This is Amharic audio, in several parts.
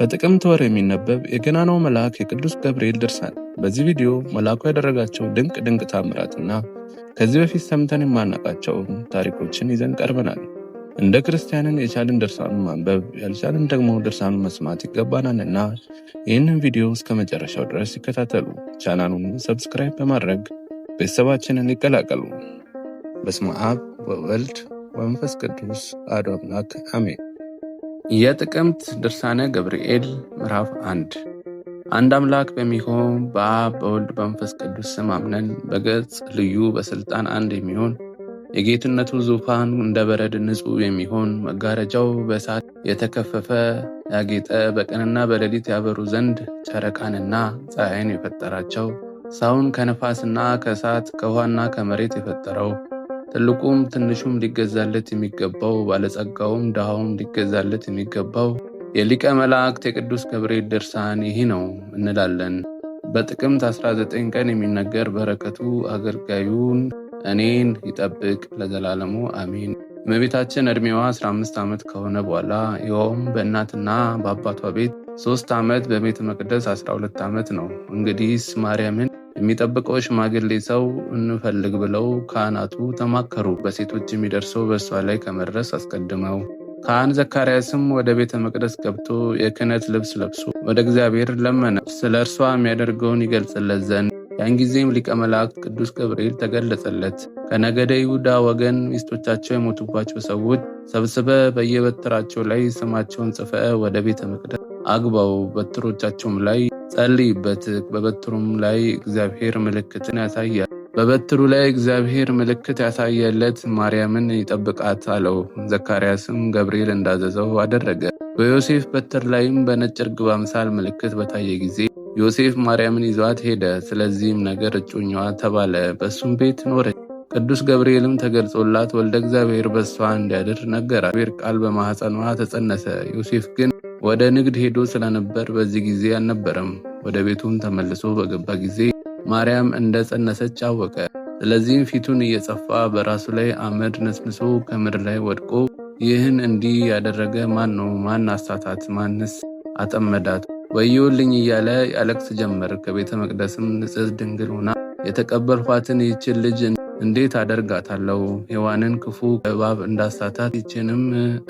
በጥቅምት ወር የሚነበብ የገናናው መልአክ የቅዱስ ገብርኤል ድርሳን። በዚህ ቪዲዮ መልአኩ ያደረጋቸው ድንቅ ድንቅ ታምራትና ከዚህ በፊት ሰምተን የማናቃቸውን ታሪኮችን ይዘን ቀርበናል። እንደ ክርስቲያንን የቻልን ድርሳኑን ማንበብ ያልቻልን ደግሞ ድርሳኑን መስማት ይገባናልና ይህንን ቪዲዮ እስከ መጨረሻው ድረስ ይከታተሉ። ቻናሉን ሰብስክራይብ በማድረግ ቤተሰባችንን ይቀላቀሉ። በስመ አብ ወወልድ ወመንፈስ ቅዱስ አሐዱ አምላክ አሜን። የጥቅምት ድርሳነ ገብርኤል ምዕራፍ አንድ አንድ አምላክ በሚሆን በአብ በወልድ በመንፈስ ቅዱስ ስም አምነን በገጽ ልዩ በስልጣን አንድ የሚሆን የጌትነቱ ዙፋን እንደ በረድ ንጹሕ የሚሆን መጋረጃው በእሳት የተከፈፈ ያጌጠ በቀንና በሌሊት ያበሩ ዘንድ ጨረቃንና ፀሐይን የፈጠራቸው ሰውን ከነፋስና ከእሳት ከውሃና ከመሬት የፈጠረው ትልቁም ትንሹም ሊገዛለት የሚገባው ባለጸጋውም ድሃውም ሊገዛለት የሚገባው የሊቀ መላእክት የቅዱስ ገብርኤል ድርሳን ይህ ነው እንላለን። በጥቅምት 19 ቀን የሚነገር በረከቱ አገልጋዩን እኔን ይጠብቅ ለዘላለሙ አሜን። እመቤታችን ዕድሜዋ 15 ዓመት ከሆነ በኋላ ይኸውም በእናትና በአባቷ ቤት ሶስት ዓመት በቤተ መቅደስ 12 ዓመት ነው። እንግዲህስ ማርያምን የሚጠብቀው ሽማግሌ ሰው እንፈልግ ብለው ካህናቱ ተማከሩ። በሴቶች የሚደርሰው በእሷ ላይ ከመድረስ አስቀድመው ካህን ዘካርያስም ወደ ቤተ መቅደስ ገብቶ የክህነት ልብስ ለብሶ ወደ እግዚአብሔር ለመነ፣ ስለ እርሷ የሚያደርገውን ይገልጽለት ዘንድ። ያን ጊዜም ሊቀ መላእክት ቅዱስ ገብርኤል ተገለጸለት። ከነገደ ይሁዳ ወገን ሚስቶቻቸው የሞቱባቸው ሰዎች ሰብስበ በየበትራቸው ላይ ስማቸውን ጽፈ ወደ ቤተ መቅደስ አግባው፣ በትሮቻቸውም ላይ ጸልይበት። በበትሩም ላይ እግዚአብሔር ምልክትን ያሳያል በበትሩ ላይ እግዚአብሔር ምልክት ያሳየለት ማርያምን ይጠብቃት አለው። ዘካርያስም ገብርኤል እንዳዘዘው አደረገ። በዮሴፍ በትር ላይም በነጭ ርግብ አምሳል ምልክት በታየ ጊዜ ዮሴፍ ማርያምን ይዟት ሄደ። ስለዚህም ነገር እጮኛዋ ተባለ፣ በእሱም ቤት ኖረች። ቅዱስ ገብርኤልም ተገልጾላት ወልደ እግዚአብሔር በሷ እንዲያድር ነገራት። እግዚአብሔር ቃል በማኅፀኗ ተጸነሰ። ዮሴፍ ግን ወደ ንግድ ሄዶ ስለነበር በዚህ ጊዜ አልነበረም። ወደ ቤቱም ተመልሶ በገባ ጊዜ ማርያም እንደ ጸነሰች አወቀ። ስለዚህም ፊቱን እየጸፋ በራሱ ላይ አመድ ነስንሶ ከምድር ላይ ወድቆ ይህን እንዲህ ያደረገ ማን ነው? ማን አሳታት? ማንስ አጠመዳት? ወዮልኝ እያለ ያለቅስ ጀመር። ከቤተ መቅደስም ንጽሕት ድንግል ሆና የተቀበልኳትን ይችን ልጅ እንዴት አደርጋታለሁ? ሔዋንን ክፉ እባብ እንዳሳታት ይችንም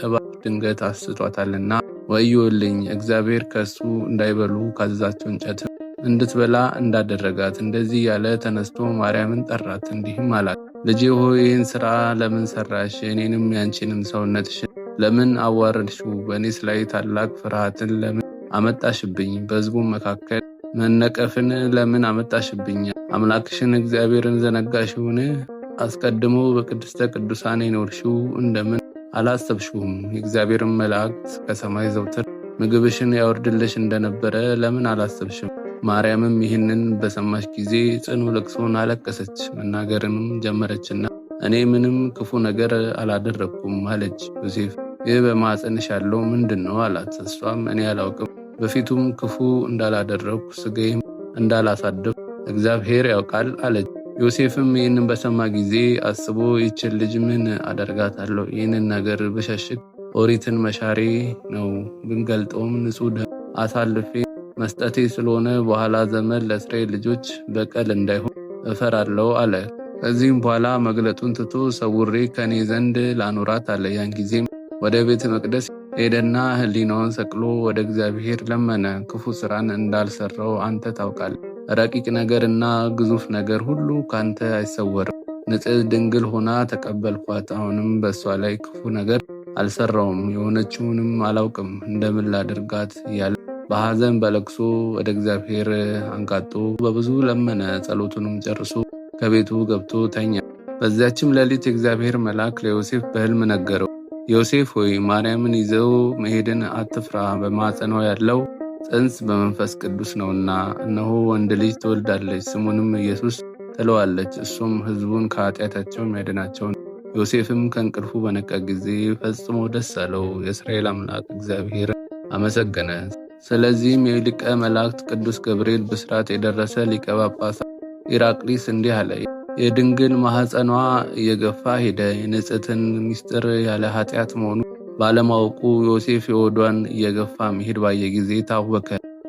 እባብ ድንገት አስቷታልና ወዮልኝ እግዚአብሔር ከእሱ እንዳይበሉ ካዘዛቸው እንጨት እንድትበላ እንዳደረጋት እንደዚህ ያለ ተነስቶ ማርያምን ጠራት፣ እንዲህም አላት፦ ልጄ ሆይ ይህን ሥራ ለምን ሠራሽ? እኔንም ያንቺንም ሰውነትሽን ለምን አዋረድሽው? በእኔስ ላይ ታላቅ ፍርሃትን ለምን አመጣሽብኝ? በሕዝቡም መካከል መነቀፍን ለምን አመጣሽብኝ? አምላክሽን እግዚአብሔርን ዘነጋሽውን? አስቀድሞ በቅድስተ ቅዱሳን የኖርሽው እንደምን አላሰብሽውም። የእግዚአብሔርን መላእክት ከሰማይ ዘውትር ምግብሽን ያወርድልሽ እንደነበረ ለምን አላሰብሽም? ማርያምም ይህንን በሰማች ጊዜ ጽኑ ልቅሶን አለቀሰች፣ መናገርንም ጀመረችና እኔ ምንም ክፉ ነገር አላደረግኩም አለች። ዮሴፍ ይህ በማፀንሽ ያለው ምንድን ነው አላት። እሷም እኔ አላውቅም፣ በፊቱም ክፉ እንዳላደረግኩ ሥጋዬም እንዳላሳደፍ እግዚአብሔር ያውቃል አለች። ዮሴፍም ይህንን በሰማ ጊዜ አስቦ ይችን ልጅ ምን አደርጋታለሁ? ይህንን ነገር ብሸሽግ ኦሪትን መሻሬ ነው፣ ብንገልጠውም ንጹሕ ደም አሳልፌ መስጠቴ ስለሆነ በኋላ ዘመን ለእስራኤል ልጆች በቀል እንዳይሆን እፈራለሁ አለ። ከዚህም በኋላ መግለጡን ትቶ ሰውሬ ከእኔ ዘንድ ላኖራት አለ። ያን ጊዜም ወደ ቤተ መቅደስ ሄደና ሕሊናውን ሰቅሎ ወደ እግዚአብሔር ለመነ። ክፉ ስራን እንዳልሰራው አንተ ታውቃለህ ረቂቅ ነገርና ግዙፍ ነገር ሁሉ ካንተ አይሰወርም። ንጽሕት ድንግል ሆና ተቀበልኳት። አሁንም በእሷ ላይ ክፉ ነገር አልሰራውም፣ የሆነችውንም አላውቅም እንደምን ላድርጋት እያለ በሐዘን በለቅሶ ወደ እግዚአብሔር አንቃጦ በብዙ ለመነ። ጸሎቱንም ጨርሶ ከቤቱ ገብቶ ተኛ። በዚያችም ሌሊት የእግዚአብሔር መልአክ ለዮሴፍ በሕልም ነገረው። ዮሴፍ ሆይ ማርያምን ይዘው መሄድን አትፍራ፣ በማኅፀኗ ያለው ጽንስ በመንፈስ ቅዱስ ነውና፣ እነሆ ወንድ ልጅ ትወልዳለች፣ ስሙንም ኢየሱስ ትለዋለች። እሱም ሕዝቡን ከኃጢአታቸው ያድናቸው። ዮሴፍም ከእንቅልፉ በነቃ ጊዜ ፈጽሞ ደስ አለው፣ የእስራኤል አምላክ እግዚአብሔር አመሰገነ። ስለዚህም የሊቀ መላእክት ቅዱስ ገብርኤል ብስራት የደረሰ ሊቀ ጳጳስ ኢራቅሊስ እንዲህ አለ። የድንግል ማኅፀኗ እየገፋ ሄደ። የንጽሕትን ምስጢር ያለ ኃጢአት መሆኑ ባለማወቁ ዮሴፍ የወዷን እየገፋ መሄድ ባየ ጊዜ ታወከ።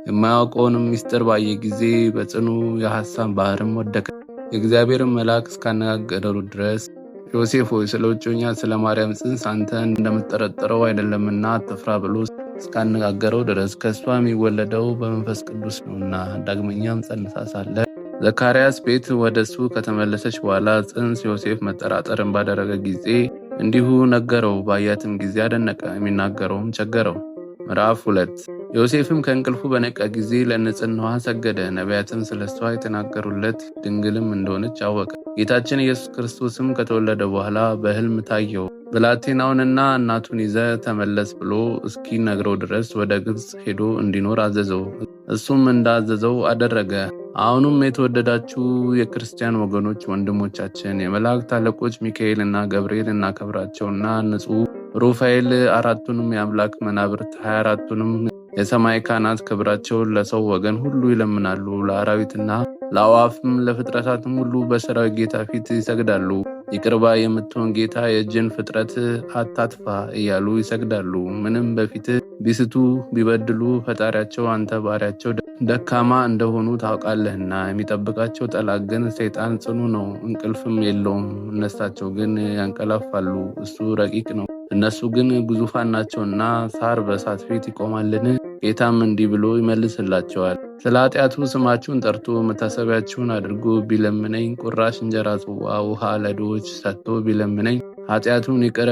የማያውቀውንም ምስጢር ባየ ጊዜ በጽኑ የሐሳብ ባህርም ወደቀ። የእግዚአብሔርን መልአክ እስካነጋገረው ድረስ ዮሴፍ ሆይ ስለ እጮኛ ስለ ማርያም ጽንስ አንተ እንደምትጠረጠረው አይደለምና አትፍራ ብሎ እስካነጋገረው ድረስ ከእሷ የሚወለደው በመንፈስ ቅዱስ ነውና። ዳግመኛም ጸንሳ ሳለ ዘካርያስ ቤት ወደ እሱ ከተመለሰች በኋላ ጽንስ ዮሴፍ መጠራጠርን ባደረገ ጊዜ እንዲሁ ነገረው። ባያትም ጊዜ አደነቀ፣ የሚናገረውም ቸገረው። ምዕራፍ ሁለት ዮሴፍም ከእንቅልፉ በነቃ ጊዜ ለንጽህናዋ ሰገደ። ነቢያትም ስለ እሷ የተናገሩለት ድንግልም እንደሆነች አወቀ። ጌታችን ኢየሱስ ክርስቶስም ከተወለደ በኋላ በሕልም ታየው። ብላቴናውንና እናቱን ይዘ ተመለስ ብሎ እስኪነግረው ድረስ ወደ ግብፅ ሄዶ እንዲኖር አዘዘው። እሱም እንዳዘዘው አደረገ። አሁኑም የተወደዳችሁ የክርስቲያን ወገኖች ወንድሞቻችን፣ የመላእክት አለቆች ሚካኤል እና ገብርኤል እናከብራቸውና ንጹሕ ሩፋኤል አራቱንም የአምላክ መናብርት ሀያ አራቱንም የሰማይ ካህናት ክብራቸውን ለሰው ወገን ሁሉ ይለምናሉ። ለአራዊትና ለአዋፍም ለፍጥረታትም ሁሉ በሰራዊት ጌታ ፊት ይሰግዳሉ። ይቅርባ የምትሆን ጌታ የእጅን ፍጥረት አታጥፋ እያሉ ይሰግዳሉ። ምንም በፊት ቢስቱ ቢበድሉ ፈጣሪያቸው አንተ ባሪያቸው ደካማ እንደሆኑ ታውቃለህና። የሚጠብቃቸው ጠላት ግን ሰይጣን ጽኑ ነው፣ እንቅልፍም የለውም። እነሳቸው ግን ያንቀላፋሉ፣ እሱ ረቂቅ ነው። እነሱ ግን ግዙፋን ናቸውና ሳር በእሳት ፊት ይቆማልን? ጌታም እንዲህ ብሎ ይመልስላቸዋል። ስለ ኃጢአቱ ስማችሁን ጠርቶ መታሰቢያችሁን አድርጎ ቢለምነኝ፣ ቁራሽ እንጀራ ጽዋ ውሃ ለድሆች ሰጥቶ ቢለምነኝ ኃጢአቱን ይቅር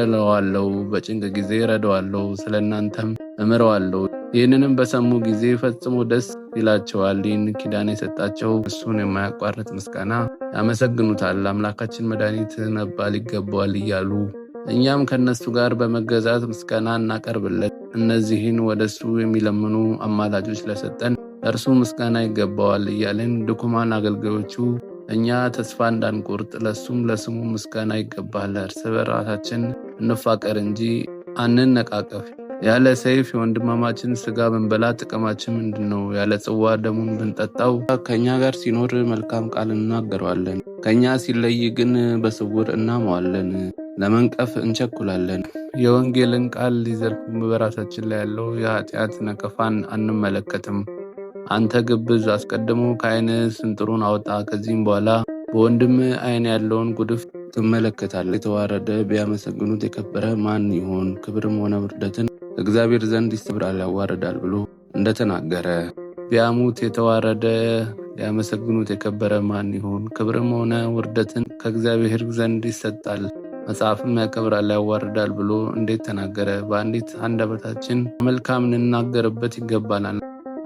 በጭንቅ ጊዜ ረደዋለሁ፣ ስለ እናንተም እምረዋለሁ። ይህንንም በሰሙ ጊዜ ፈጽሞ ደስ ይላቸዋል። ይህን ኪዳን የሰጣቸው እሱን የማያቋርጥ ምስጋና ያመሰግኑታል። አምላካችን መድኃኒት መባል ይገባዋል እያሉ እኛም ከእነሱ ጋር በመገዛት ምስጋና እናቀርብለት። እነዚህን ወደ እሱ የሚለምኑ አማላጆች ለሰጠን እርሱ ምስጋና ይገባዋል እያልን ድኩማን አገልጋዮቹ እኛ ተስፋ እንዳንቆርጥ ለእሱም ለስሙ ምስጋና ይገባል። እርስ በራሳችን እንፋቀር እንጂ አንነቃቀፍ። ያለ ሰይፍ የወንድማማችን ስጋ ብንበላ ጥቅማችን ምንድን ነው? ያለ ጽዋ ደሙን ብንጠጣው ከእኛ ጋር ሲኖር መልካም ቃል እናገረዋለን። ከእኛ ሲለይ ግን በስውር እናመዋለን። ለመንቀፍ እንቸኩላለን። የወንጌልን ቃል ሊዘርፍ በራሳችን ላይ ያለው የኃጢአት ነቀፋን አንመለከትም። አንተ ግብዝ፣ አስቀድሞ ከዓይን ስንጥሩን አውጣ፣ ከዚህም በኋላ በወንድም ዓይን ያለውን ጉድፍ ትመለከታለህ። የተዋረደ ቢያመሰግኑት የከበረ ማን ይሆን? ክብርም ሆነ ውርደትን እግዚአብሔር ዘንድ ይሰብራል ያዋርዳል ብሎ እንደተናገረ ቢያሙት የተዋረደ ሊያመሰግኑት የከበረ ማን ይሆን? ክብርም ሆነ ውርደትን ከእግዚአብሔር ዘንድ ይሰጣል መጽሐፍም ያከብራል ያዋርዳል ብሎ እንዴት ተናገረ? በአንዲት አንደበታችን መልካም እንናገርበት ይገባናል።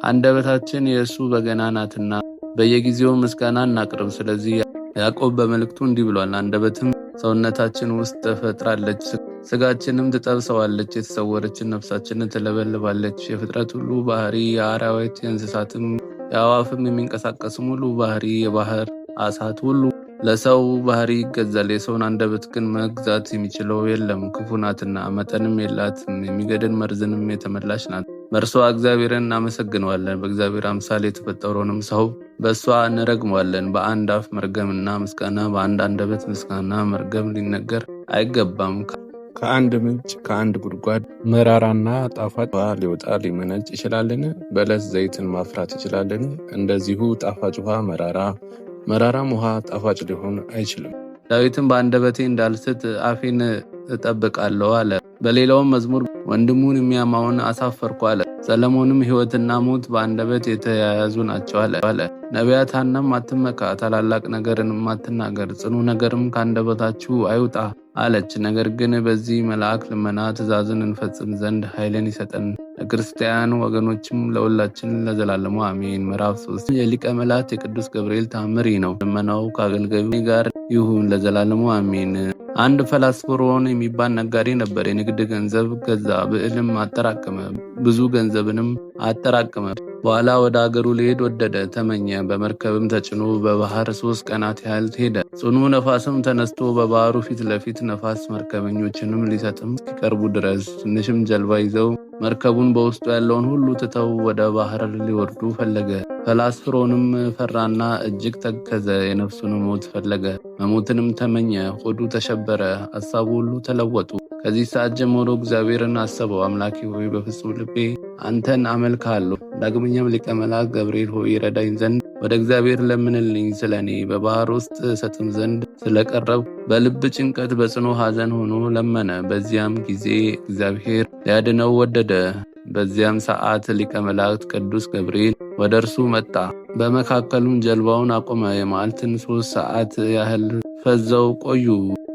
አንደበታችን የእሱ በገና ናትና በየጊዜው ምስጋና እናቅርብ። ስለዚህ ያዕቆብ በመልእክቱ እንዲህ ብሏል፣ አንደበትም ሰውነታችን ውስጥ ተፈጥራለች፣ ስጋችንም ትጠብሰዋለች፣ የተሰወረችን ነፍሳችን ትለበልባለች። የፍጥረት ሁሉ ባህሪ የአራዊት የእንስሳትም የአዋፍም የሚንቀሳቀስም ሁሉ ባህሪ የባህር አሳት ሁሉ ለሰው ባህሪ ይገዛል። የሰውን አንደበት ግን መግዛት የሚችለው የለም። ክፉ ናትና መጠንም የላትም፣ የሚገድል መርዝንም የተመላች ናት። በእርሷ እግዚአብሔርን እናመሰግነዋለን። በእግዚአብሔር አምሳል የተፈጠረውንም ሰው በእሷ እንረግመዋለን። በአንድ አፍ መርገምና ምስጋና፣ በአንድ አንደበት ምስጋና መርገም ሊነገር አይገባም። ከአንድ ምንጭ ከአንድ ጉድጓድ መራራና ጣፋጭ ውሃ ሊወጣ ሊመነጭ ይችላልን? በለስ ዘይትን ማፍራት ይችላልን? እንደዚሁ ጣፋጭ ውሃ መራራ መራራም ውሃ ጣፋጭ ሊሆን አይችልም። ዳዊትም በአንደበቴ እንዳልስት አፌን እጠብቃለሁ አለ። በሌላውም መዝሙር ወንድሙን የሚያማውን አሳፈርኩ አለ። ሰለሞንም ሕይወትና ሞት በአንደበት የተያያዙ ናቸው አለ። ነቢያት ሐናም አትመካ፣ ታላላቅ ነገርን አትናገር፣ ጽኑ ነገርም ከአንደበታችሁ አይውጣ አለች። ነገር ግን በዚህ መልአክ ልመና ትእዛዝን እንፈጽም ዘንድ ኃይልን ይሰጠን። ለክርስቲያን ወገኖችም ለሁላችን ለዘላለሙ አሜን። ምዕራፍ 3 የሊቀ መላእክት የቅዱስ ገብርኤል ታምሪ ነው። ልመናው ከአገልጋዩ ጋር ይሁን ለዘላለሙ አሜን። አንድ ፈላስፎሮን የሚባል ነጋዴ ነበር። የንግድ ገንዘብ ገዛ፣ ብዕልም አጠራቀመ፣ ብዙ ገንዘብንም አጠራቀመ። በኋላ ወደ አገሩ ሊሄድ ወደደ፣ ተመኘ። በመርከብም ተጭኖ በባህር ሶስት ቀናት ያህል ሄደ። ጽኑ ነፋስም ተነስቶ በባህሩ ፊት ለፊት ነፋስ መርከበኞችንም ሊሰጥም እስኪቀርቡ ድረስ ትንሽም ጀልባ ይዘው መርከቡን በውስጡ ያለውን ሁሉ ትተው ወደ ባህር ሊወርዱ ፈለገ። ፈላስፍሮንም ፈራና እጅግ ተከዘ። የነፍሱን ሞት ፈለገ፣ መሞትንም ተመኘ። ሆዱ ተሸበረ፣ አሳቡ ሁሉ ተለወጡ። ከዚህ ሰዓት ጀምሮ እግዚአብሔርን አሰበው። አምላኬ ሆይ በፍጹም ልቤ አንተን አመልካለሁ። ዳግመኛም ሊቀ መላእክት ገብርኤል ሆይ ረዳኝ ዘንድ ወደ እግዚአብሔር ለምንልኝ ስለ እኔ በባህር ውስጥ ሰጥም ዘንድ ስለቀረብ በልብ ጭንቀት በጽኑ ሐዘን ሆኖ ለመነ። በዚያም ጊዜ እግዚአብሔር ሊያድነው ወደደ። በዚያም ሰዓት ሊቀ መላእክት ቅዱስ ገብርኤል ወደ እርሱ መጣ። በመካከሉም ጀልባውን አቆመ። የማልትን ሶስት ሰዓት ያህል ፈዘው ቆዩ።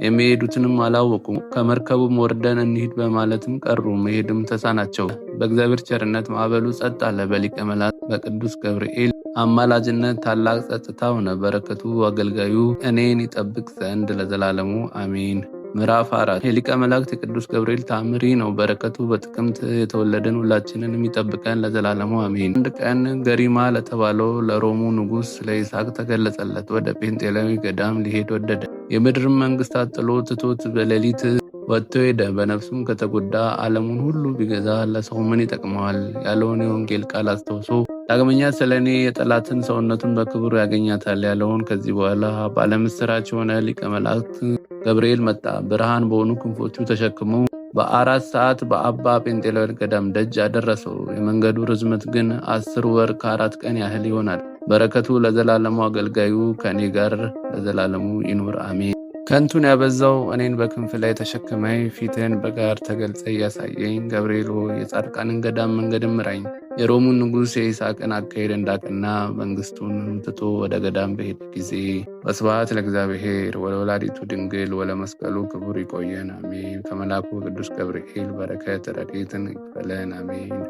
የሚሄዱትንም አላወቁም። ከመርከቡም ወርደን እንሂድ በማለትም ቀሩ። መሄድም ተሳናቸው። በእግዚአብሔር ቸርነት ማዕበሉ ጸጥ አለ። በሊቀ መላእክት በቅዱስ ገብርኤል አማላጅነት ታላቅ ጸጥታ ሆነ። በረከቱ አገልጋዩ እኔን ይጠብቅ ዘንድ ለዘላለሙ አሜን። ምዕራፍ አራት የሊቀ መላእክት የቅዱስ ገብርኤል ታምሪ ነው። በረከቱ በጥቅምት የተወለደን ሁላችንን የሚጠብቀን ለዘላለሙ አሜን። አንድ ቀን ገሪማ ለተባለው ለሮሙ ንጉሥ ለይስሐቅ ተገለጸለት። ወደ ጴንጤላዊ ገዳም ሊሄድ ወደደ። የምድር መንግስታት ጥሎ ትቶት በሌሊት ወጥቶ ሄደ። በነፍሱም ከተጎዳ ዓለሙን ሁሉ ቢገዛ ለሰው ምን ይጠቅመዋል? ያለውን የወንጌል ቃል አስታውሶ ዳግመኛ ስለ እኔ የጠላትን ሰውነቱን በክብሩ ያገኛታል ያለውን ከዚህ በኋላ ባለምስራች የሆነ ሊቀ መላእክት ገብርኤል መጣ። ብርሃን በሆኑ ክንፎቹ ተሸክሞ በአራት ሰዓት በአባ ጴንጤሌዎን ገዳም ደጅ አደረሰው። የመንገዱ ርዝመት ግን አስር ወር ከአራት ቀን ያህል ይሆናል። በረከቱ ለዘላለሙ አገልጋዩ ከእኔ ጋር ለዘላለሙ ይኑር አሜን። ከንቱን ያበዛው እኔን በክንፍ ላይ ተሸክመኝ ፊትህን በጋር ተገልጸ እያሳየኝ ገብርኤል ሆይ የጻድቃንን ገዳም መንገድ ምራኝ። የሮሙን ንጉሥ የይስሐቅን አካሄድ እንዳቅና መንግስቱን ትቶ ወደ ገዳም በሄድ ጊዜ በስብሐት ለእግዚአብሔር ወለወላዲቱ ድንግል ወለመስቀሉ ክቡር ይቆየን አሜን። ከመላኩ ቅዱስ ገብርኤል በረከት ረድኤትን ይክፈለን አሜን።